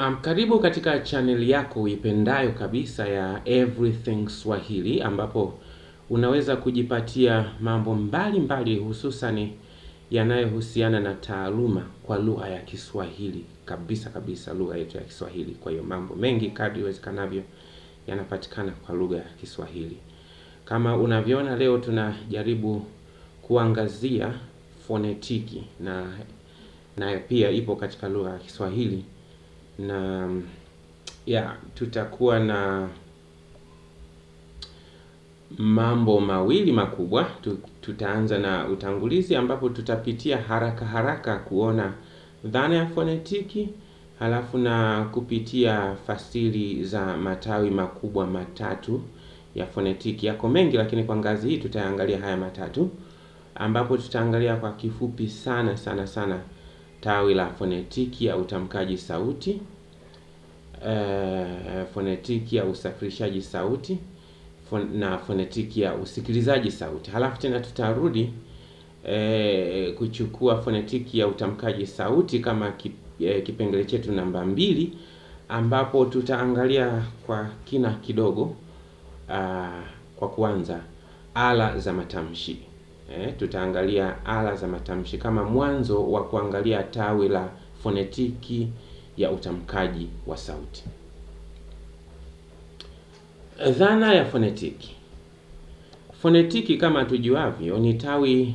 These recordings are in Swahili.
Um, karibu katika chaneli yako uipendayo kabisa ya Everything Swahili ambapo unaweza kujipatia mambo mbalimbali hususani yanayohusiana na taaluma kwa lugha ya Kiswahili kabisa kabisa, lugha yetu ya Kiswahili. Kwa hiyo mambo mengi kadri iwezekanavyo yanapatikana kwa lugha ya Kiswahili. Kama unavyoona leo tunajaribu kuangazia fonetiki na nayo pia ipo katika lugha ya Kiswahili na ya tutakuwa na mambo mawili makubwa. Tutaanza na utangulizi ambapo tutapitia haraka haraka kuona dhana ya fonetiki, halafu na kupitia fasili za matawi makubwa matatu ya fonetiki. Yako mengi, lakini kwa ngazi hii tutaangalia haya matatu, ambapo tutaangalia kwa kifupi sana sana sana tawi la fonetiki ya utamkaji sauti, e, fonetiki ya usafirishaji sauti fon, na fonetiki ya usikilizaji sauti. Halafu tena tutarudi e, kuchukua fonetiki ya utamkaji sauti kama kip, e, eh, kipengele chetu namba mbili ambapo tutaangalia kwa kina kidogo a, ah, kwa kuanza ala za matamshi eh, tutaangalia ala za matamshi kama mwanzo wa kuangalia tawi la fonetiki ya utamkaji wa sauti. Dhana ya fonetiki. Fonetiki kama tujuavyo ni tawi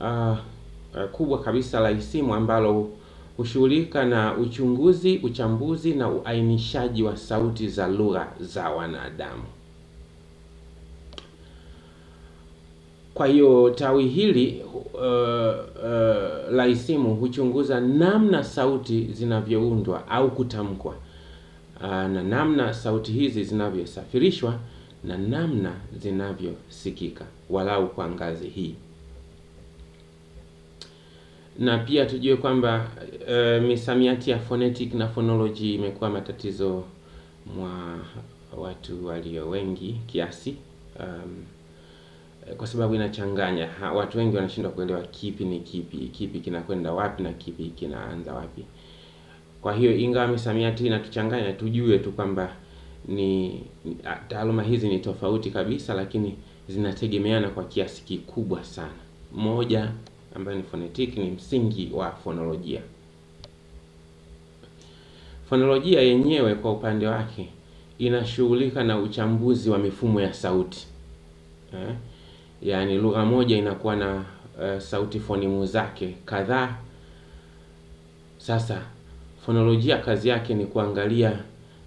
uh, kubwa kabisa la isimu ambalo hushughulika na uchunguzi, uchambuzi na uainishaji wa sauti za lugha za wanadamu. Kwa hiyo tawi hili uh, uh, la isimu huchunguza namna sauti zinavyoundwa au kutamkwa uh, na namna sauti hizi zinavyosafirishwa na namna zinavyosikika walau kwa ngazi hii. Na pia tujue kwamba uh, misamiati ya phonetic na phonology imekuwa matatizo mwa watu walio wengi kiasi um, kwa sababu inachanganya ha, watu wengi wanashindwa kuelewa kipi ni kipi, kipi kinakwenda wapi na kipi kinaanza wapi. Kwa hiyo ingawa misamiati inatuchanganya, tujue tu kwamba ni taaluma hizi ni tofauti kabisa, lakini zinategemeana kwa kiasi kikubwa sana. Moja ambayo ni phonetic ni msingi wa fonolojia. Fonolojia yenyewe kwa upande wake inashughulika na uchambuzi wa mifumo ya sauti eh? yani lugha moja inakuwa na uh, sauti fonimu zake kadhaa. Sasa fonolojia kazi yake ni kuangalia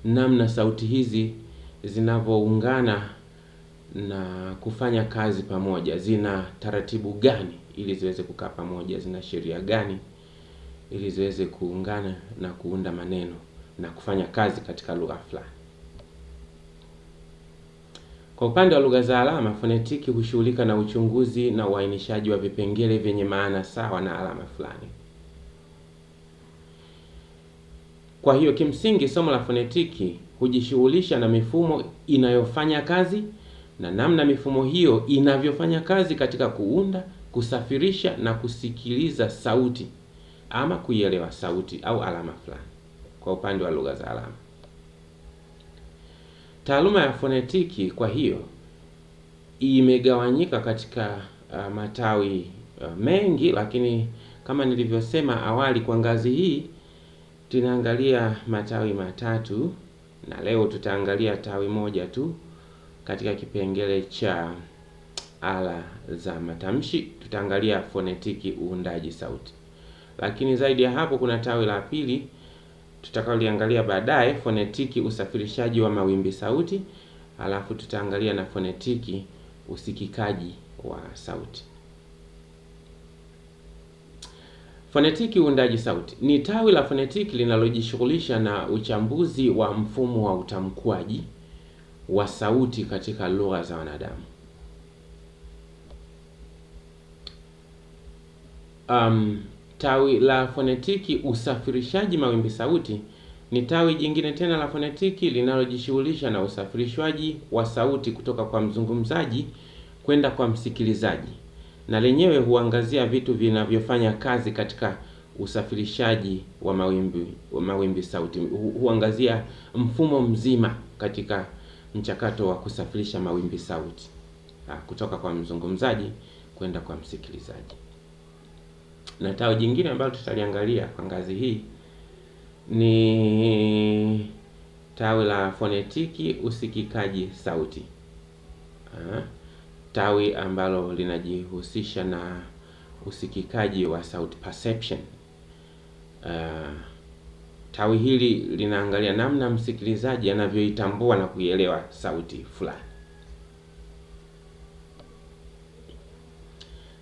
namna sauti hizi zinavyoungana na kufanya kazi pamoja, zina taratibu gani ili ziweze kukaa pamoja, zina sheria gani ili ziweze kuungana na kuunda maneno na kufanya kazi katika lugha fulani. Kwa upande wa lugha za alama, fonetiki hushughulika na uchunguzi na uainishaji wa vipengele vyenye maana sawa na alama fulani. Kwa hiyo kimsingi, somo la fonetiki hujishughulisha na mifumo inayofanya kazi na namna mifumo hiyo inavyofanya kazi katika kuunda, kusafirisha na kusikiliza sauti ama kuielewa sauti au alama fulani. Kwa upande wa lugha za alama Taaluma ya fonetiki kwa hiyo imegawanyika katika uh, matawi uh, mengi, lakini kama nilivyosema awali, kwa ngazi hii tunaangalia matawi matatu na leo tutaangalia tawi moja tu katika kipengele cha ala za matamshi, tutaangalia fonetiki uundaji sauti, lakini zaidi ya hapo kuna tawi la pili tutakaoliangalia baadaye, fonetiki usafirishaji wa mawimbi sauti, alafu tutaangalia na fonetiki usikikaji wa sauti. Fonetiki uundaji sauti ni tawi la fonetiki linalojishughulisha na uchambuzi wa mfumo wa utamkwaji wa sauti katika lugha za wanadamu. Um, Tawi la fonetiki usafirishaji mawimbi sauti ni tawi jingine tena la fonetiki linalojishughulisha na usafirishwaji wa sauti kutoka kwa mzungumzaji kwenda kwa msikilizaji, na lenyewe huangazia vitu vinavyofanya kazi katika usafirishaji wa mawimbi wa mawimbi sauti. Huangazia mfumo mzima katika mchakato wa kusafirisha mawimbi sauti ah, kutoka kwa mzungumzaji kwenda kwa msikilizaji. Na tawi jingine ambalo tutaliangalia kwa ngazi hii ni tawi la fonetiki usikikaji sauti. Ha? Tawi ambalo linajihusisha na usikikaji wa sauti perception. Uh, tawi hili linaangalia namna msikilizaji anavyoitambua na kuielewa sauti fulani.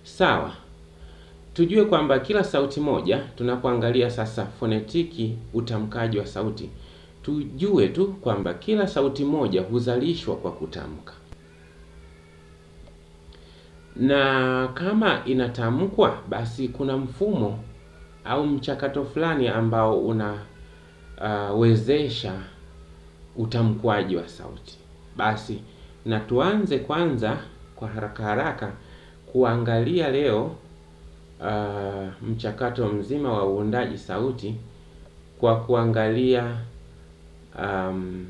Sawa. Tujue kwamba kila sauti moja, tunapoangalia sasa fonetiki, utamkaji wa sauti, tujue tu kwamba kila sauti moja huzalishwa kwa kutamka, na kama inatamkwa, basi kuna mfumo au mchakato fulani ambao unawezesha uh, utamkwaji wa sauti. Basi na tuanze kwanza kwa haraka haraka kuangalia leo uh, mchakato mzima wa uundaji sauti kwa kuangalia um,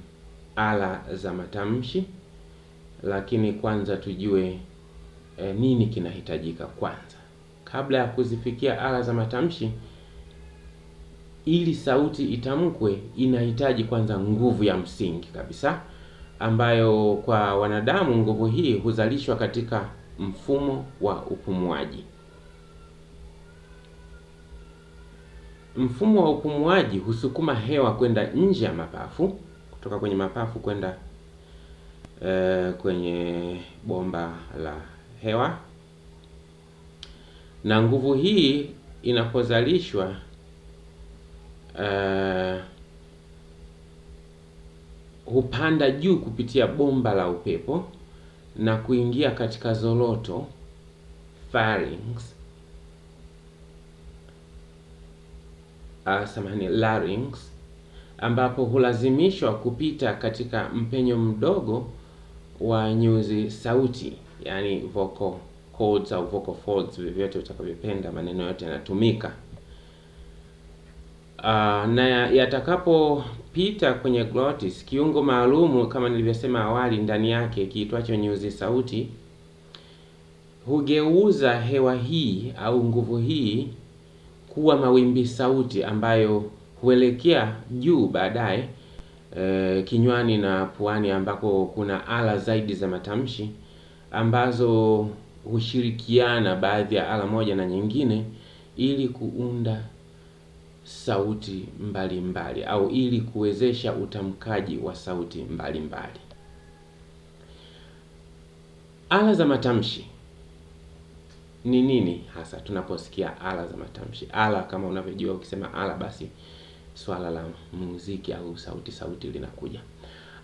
ala za matamshi, lakini kwanza tujue eh, nini kinahitajika kwanza kabla ya kuzifikia ala za matamshi. Ili sauti itamkwe, inahitaji kwanza nguvu ya msingi kabisa, ambayo kwa wanadamu nguvu hii huzalishwa katika mfumo wa upumuaji. Mfumo wa upumuaji husukuma hewa kwenda nje ya mapafu kutoka kwenye mapafu kwenda e, kwenye bomba la hewa, na nguvu hii inapozalishwa e, hupanda juu kupitia bomba la upepo na kuingia katika zoloto pharynx uh, samahani, larynx ambapo hulazimishwa kupita katika mpenyo mdogo wa nyuzi sauti, yani vocal cords au vocal folds, vyovyote utakavyopenda, maneno yote yanatumika. Uh, na yatakapopita kwenye glotis, kiungo maalumu kama nilivyosema awali, ndani yake kiitwacho nyuzi sauti hugeuza hewa hii au nguvu hii kuwa mawimbi sauti ambayo huelekea juu baadaye e, kinywani na puani ambako kuna ala zaidi za matamshi ambazo hushirikiana baadhi ya ala moja na nyingine ili kuunda sauti mbalimbali mbali, au ili kuwezesha utamkaji wa sauti mbalimbali mbali. Ala za matamshi ni nini hasa tunaposikia ala za matamshi. Ala kama unavyojua ukisema ala basi swala la muziki au sauti sauti linakuja.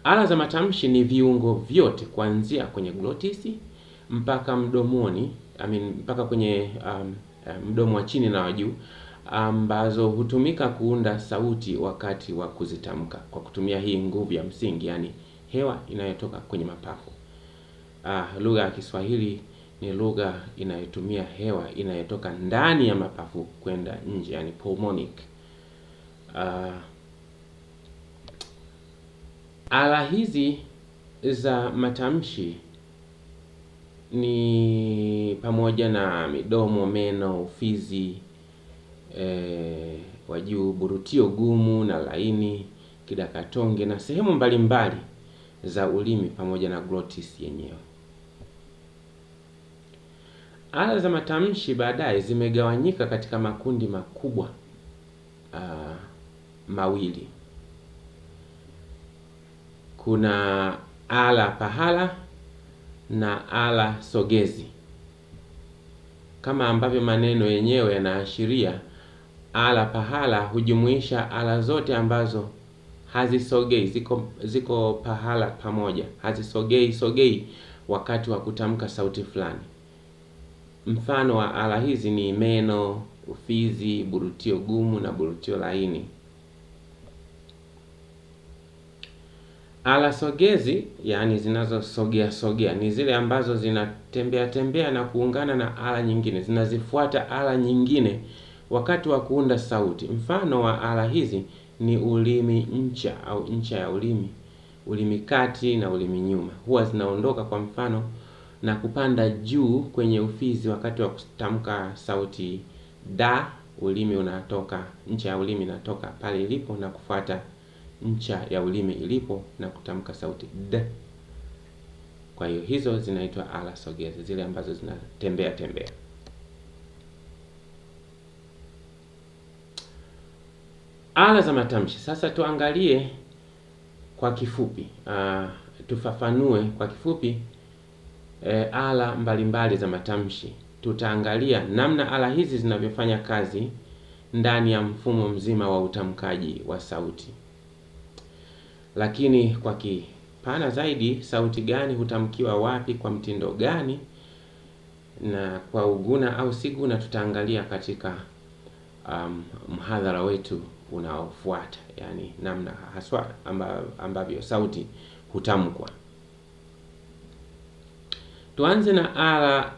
Ala za matamshi ni viungo vyote kuanzia kwenye glotisi mpaka mdomoni, I mean, mpaka kwenye um, eh, mdomo wa chini na wa juu ambazo hutumika kuunda sauti wakati wa kuzitamka kwa kutumia hii nguvu ya msingi, yani hewa inayotoka kwenye mapafu. Ah, lugha ya Kiswahili ni lugha inayotumia hewa inayotoka ndani ya mapafu kwenda nje, yani pulmonic. Uh, ala hizi za matamshi ni pamoja na midomo, meno, ufizi eh, wa juu, burutio gumu na laini, kidakatonge na sehemu mbalimbali mbali za ulimi pamoja na glotis yenyewe. Ala za matamshi baadaye zimegawanyika katika makundi makubwa uh, mawili. Kuna ala pahala na ala sogezi. Kama ambavyo maneno yenyewe yanaashiria, ala pahala hujumuisha ala zote ambazo hazisogei, ziko ziko pahala pamoja, hazisogei sogei wakati wa kutamka sauti fulani. Mfano wa ala hizi ni meno, ufizi, burutio gumu na burutio laini. Ala sogezi, yaani zinazosogea sogea, ni zile ambazo zinatembea tembea na kuungana na ala nyingine, zinazifuata ala nyingine wakati wa kuunda sauti. Mfano wa ala hizi ni ulimi ncha au ncha ya ulimi, ulimi kati na ulimi nyuma, huwa zinaondoka kwa mfano na kupanda juu kwenye ufizi wakati wa kutamka sauti da, ulimi unatoka ncha ya ulimi inatoka pale ilipo na kufuata ncha ya ulimi ilipo na kutamka sauti d. Kwa hiyo hizo zinaitwa ala sogezi, zile ambazo zinatembea tembea. Ala za matamshi sasa tuangalie kwa kifupi. Uh, tufafanue kwa kifupi e, ala mbalimbali za matamshi. Tutaangalia namna ala hizi zinavyofanya kazi ndani ya mfumo mzima wa utamkaji wa sauti. Lakini kwa kipana zaidi, sauti gani hutamkiwa wapi kwa mtindo gani na kwa uguna au siguna, tutaangalia katika um, mhadhara wetu unaofuata, yani namna haswa ambavyo sauti hutamkwa. Tuanze na ala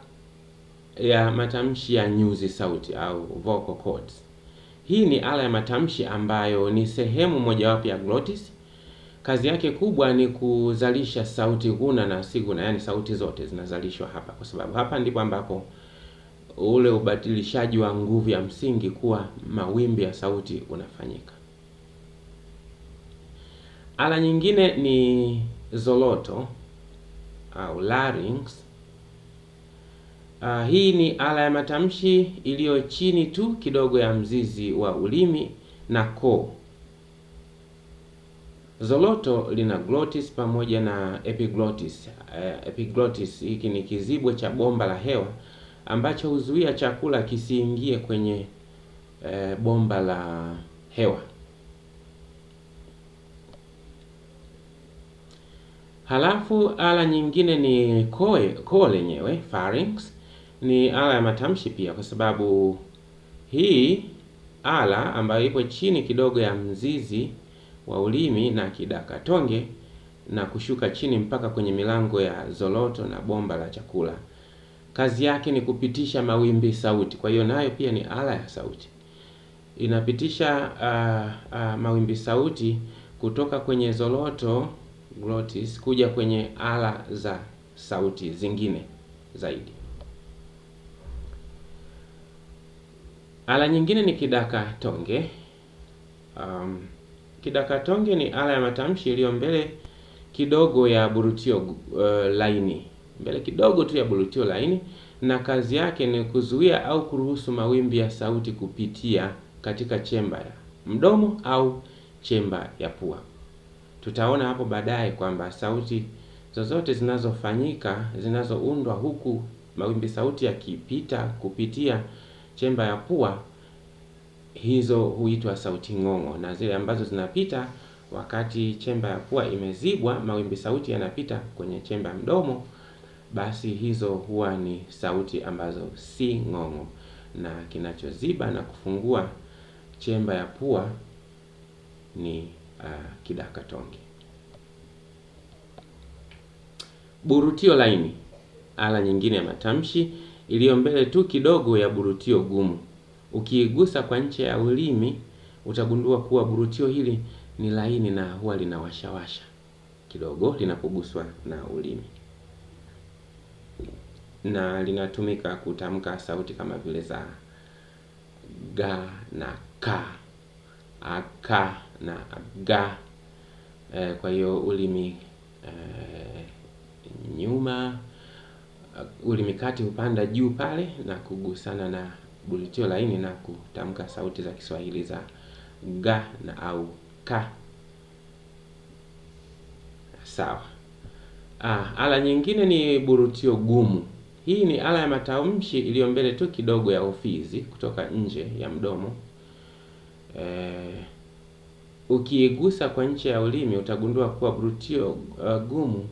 ya matamshi ya nyuzi sauti au vocal cords. Hii ni ala ya matamshi ambayo ni sehemu mojawapo ya glottis. Kazi yake kubwa ni kuzalisha sauti guna na siguna, yani sauti zote zinazalishwa hapa, kwa sababu hapa ndipo ambapo ule ubadilishaji wa nguvu ya msingi kuwa mawimbi ya sauti unafanyika. Ala nyingine ni zoloto au larynx. Uh, hii ni ala ya matamshi iliyo chini tu kidogo ya mzizi wa ulimi na koo. Zoloto lina glotis pamoja na epiglotis. Uh, epiglotis hiki ni kizibwe cha bomba la hewa ambacho huzuia chakula kisiingie kwenye uh, bomba la hewa. Halafu ala nyingine ni koe, koo lenyewe pharynx ni ala ya matamshi pia, kwa sababu hii ala ambayo ipo chini kidogo ya mzizi wa ulimi na kidakatonge na kushuka chini mpaka kwenye milango ya zoloto na bomba la chakula, kazi yake ni kupitisha mawimbi sauti. Kwa hiyo nayo pia ni ala ya sauti, inapitisha uh, uh, mawimbi sauti kutoka kwenye zoloto glotis kuja kwenye ala za sauti zingine zaidi. Ala nyingine ni kidaka tonge Um, tonge ni ala ya matamshi iliyo mbele kidogo ya burutio uh, laini, mbele kidogo tu ya burutio laini, na kazi yake ni kuzuia au kuruhusu mawimbi ya sauti kupitia katika chemba ya mdomo au chemba ya pua. Tutaona hapo baadaye kwamba sauti zozote zinazofanyika zinazoundwa huku mawimbi sauti yakipita kupitia chemba ya pua, hizo huitwa sauti ng'ong'o, na zile ambazo zinapita wakati chemba ya pua imezibwa, mawimbi sauti yanapita kwenye chemba mdomo, basi hizo huwa ni sauti ambazo si ng'ong'o, na kinachoziba na kufungua chemba ya pua ni uh, kidakatonge. Burutio laini, ala nyingine ya matamshi iliyo mbele tu kidogo ya burutio gumu. Ukiigusa kwa ncha ya ulimi utagundua kuwa burutio hili ni laini na huwa linawashawasha kidogo linapoguswa na ulimi na linatumika kutamka sauti kama vile za ga na ka, aka na ga. E, kwa hiyo ulimi e, nyuma Uh, ulimi kati hupanda juu pale na kugusana na bulutio laini na kutamka sauti za Kiswahili za ga na au ka. Sawa. Ah, ala nyingine ni burutio gumu. Hii ni ala ya matamshi iliyo mbele tu kidogo ya ufizi kutoka nje ya mdomo. Ee, ukiigusa kwa nje ya ulimi utagundua kuwa burutio uh, gumu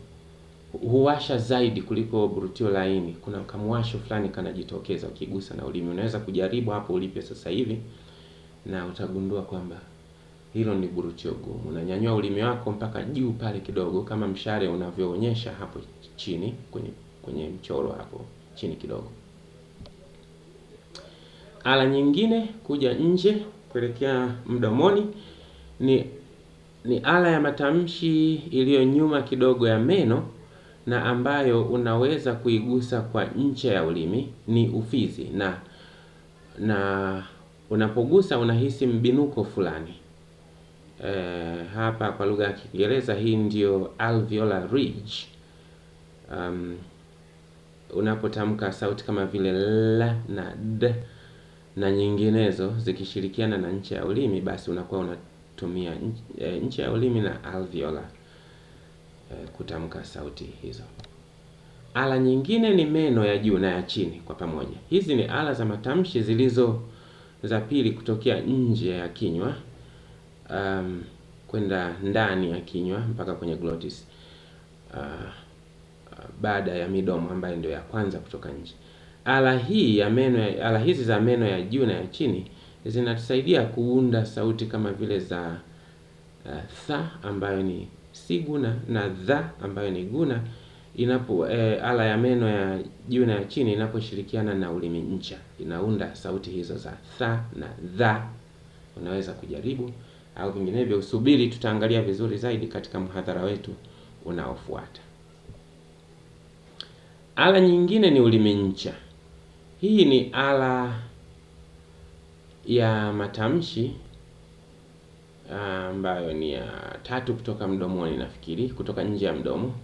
huwasha zaidi kuliko burutio laini. Kuna kamwasho fulani kanajitokeza ukigusa na ulimi. Unaweza kujaribu hapo ulipo sasa hivi na utagundua kwamba hilo ni burutio gumu. Unanyanyua ulimi wako mpaka juu pale kidogo, kama mshale unavyoonyesha hapo chini kwenye, kwenye mchoro hapo chini kidogo. Ala nyingine kuja nje kuelekea mdomoni ni, ni ala ya matamshi iliyo nyuma kidogo ya meno na ambayo unaweza kuigusa kwa ncha ya ulimi ni ufizi, na na unapogusa unahisi mbinuko fulani. E, hapa kwa lugha ya Kiingereza hii ndio alveolar ridge. Um, unapotamka sauti kama vile l na d na nyinginezo zikishirikiana na ncha ya ulimi, basi unakuwa unatumia eh, ncha ya ulimi na alveolar. Eh, kutamka sauti hizo. Ala nyingine ni meno ya juu na ya chini kwa pamoja. Hizi ni ala za matamshi zilizo za pili kutokea nje ya kinywa um, kwenda ndani ya kinywa mpaka kwenye glotis uh, uh, baada ya midomo ambayo ndio ya kwanza kutoka nje. Ala hii ya meno, ala hizi za meno ya juu na ya chini zinatusaidia kuunda sauti kama vile za uh, tha ambayo ni si guna na dha ambayo ni guna inapo e, ala ya meno ya juu na ya chini inaposhirikiana na ulimi ncha inaunda sauti hizo za tha na dha. Unaweza kujaribu au vinginevyo usubiri, tutaangalia vizuri zaidi katika mhadhara wetu unaofuata. Ala nyingine ni ulimi ncha. Hii ni ala ya matamshi ambayo ni ya tatu kutoka mdomoni, nafikiri kutoka nje ya mdomo.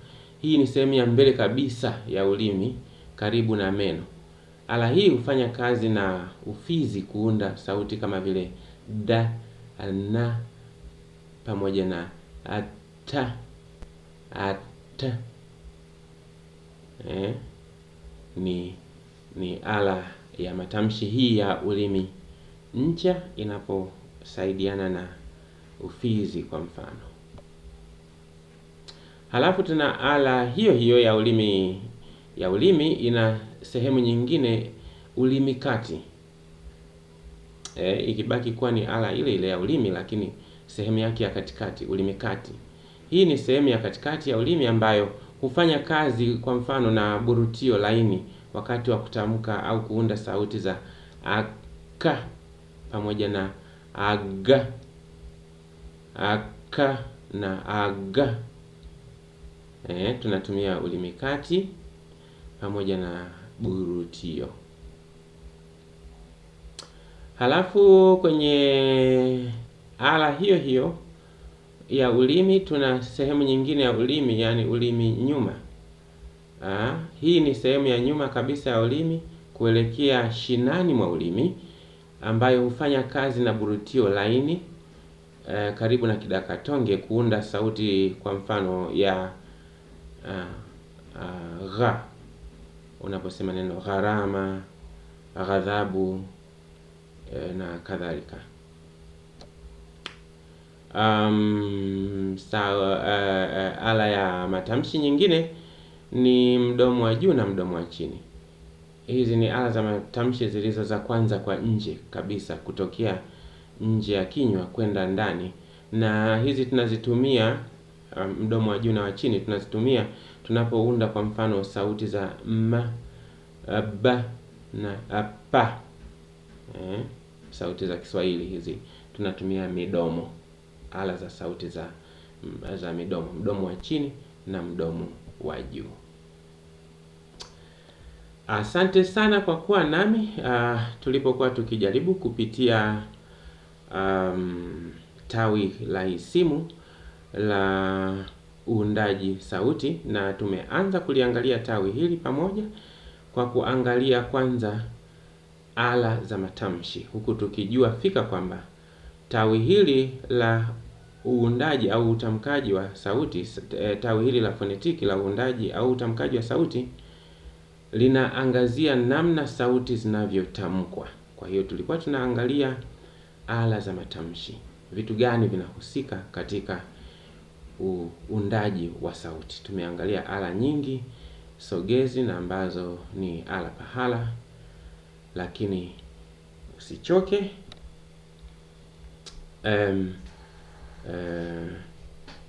Hii ni sehemu ya mbele kabisa ya ulimi karibu na meno. Ala hii hufanya kazi na ufizi kuunda sauti kama vile da, na pamoja na ata, ata. Eh, ni ni ala ya matamshi hii ya ulimi ncha inaposaidiana na ufizi kwa mfano. Halafu tena ala hiyo hiyo ya ulimi ya ulimi ina sehemu nyingine ulimi kati e, ikibaki kuwa ni ala ile ile ya ulimi, lakini sehemu yake ya katikati, ulimi kati. Hii ni sehemu ya katikati ya ulimi ambayo hufanya kazi kwa mfano na burutio laini wakati wa kutamka au kuunda sauti za aka pamoja na aga aka na aga e, tunatumia ulimi kati pamoja na burutio. Halafu kwenye ala hiyo hiyo ya ulimi tuna sehemu nyingine ya ulimi, yaani ulimi nyuma. Aa, hii ni sehemu ya nyuma kabisa ya ulimi kuelekea shinani mwa ulimi ambayo hufanya kazi na burutio laini uh, karibu na kidakatonge kuunda sauti kwa mfano ya uh, uh, ra unaposema neno gharama, ghadhabu uh, na kadhalika. Um, sa uh, uh, ala ya matamshi nyingine ni mdomo wa juu na mdomo wa chini. Hizi ni ala za matamshi zilizo za kwanza kwa nje kabisa kutokea nje ya kinywa kwenda ndani, na hizi tunazitumia um, mdomo wa juu na wa chini tunazitumia tunapounda kwa mfano sauti za m, b na p Eh, sauti za Kiswahili hizi tunatumia midomo, ala za sauti za za midomo, mdomo wa chini na mdomo wa juu. Asante sana kwa kuwa nami ah, tulipokuwa tukijaribu kupitia um, tawi la isimu la uundaji sauti, na tumeanza kuliangalia tawi hili pamoja kwa kuangalia kwanza ala za matamshi, huku tukijua fika kwamba tawi hili la uundaji au utamkaji wa sauti, eh, tawi hili la fonetiki la uundaji au utamkaji wa sauti linaangazia namna sauti zinavyotamkwa. Kwa hiyo tulikuwa tunaangalia ala za matamshi, vitu gani vinahusika katika uundaji wa sauti. Tumeangalia ala nyingi sogezi na ambazo ni ala pahala, lakini usichoke. Um, uh,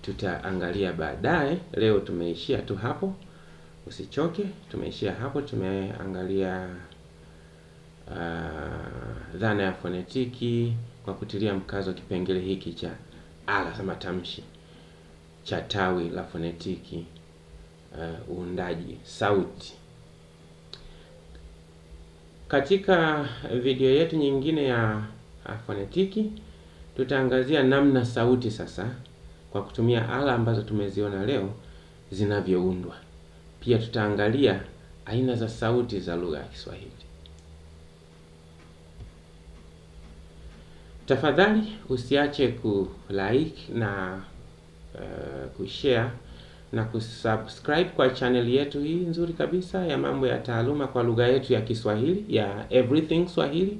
tutaangalia baadaye. Leo tumeishia tu hapo, usichoke. Tumeishia hapo, tumeangalia Eh, dhana ya fonetiki kwa kutilia mkazo wa kipengele hiki cha ala za matamshi cha tawi la fonetiki eh, uundaji uh, sauti. Katika video yetu nyingine ya fonetiki tutaangazia namna sauti sasa kwa kutumia ala ambazo tumeziona leo zinavyoundwa. Pia tutaangalia aina za sauti za lugha ya Kiswahili. Tafadhali usiache like na uh, eh, kushare na kusubscribe kwa channel yetu hii nzuri kabisa ya mambo ya taaluma kwa lugha yetu ya Kiswahili ya Everything Swahili.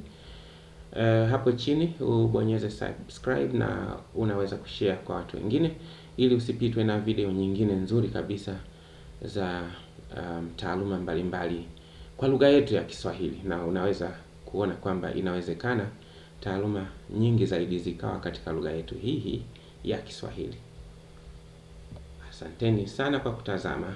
Uh, hapo chini ubonyeze subscribe na unaweza kushare kwa watu wengine ili usipitwe na video nyingine nzuri kabisa za um, taaluma mbalimbali kwa lugha yetu ya Kiswahili, na unaweza kuona kwamba inawezekana taaluma nyingi zaidi zikawa katika lugha yetu hii ya Kiswahili. Asanteni sana kwa kutazama.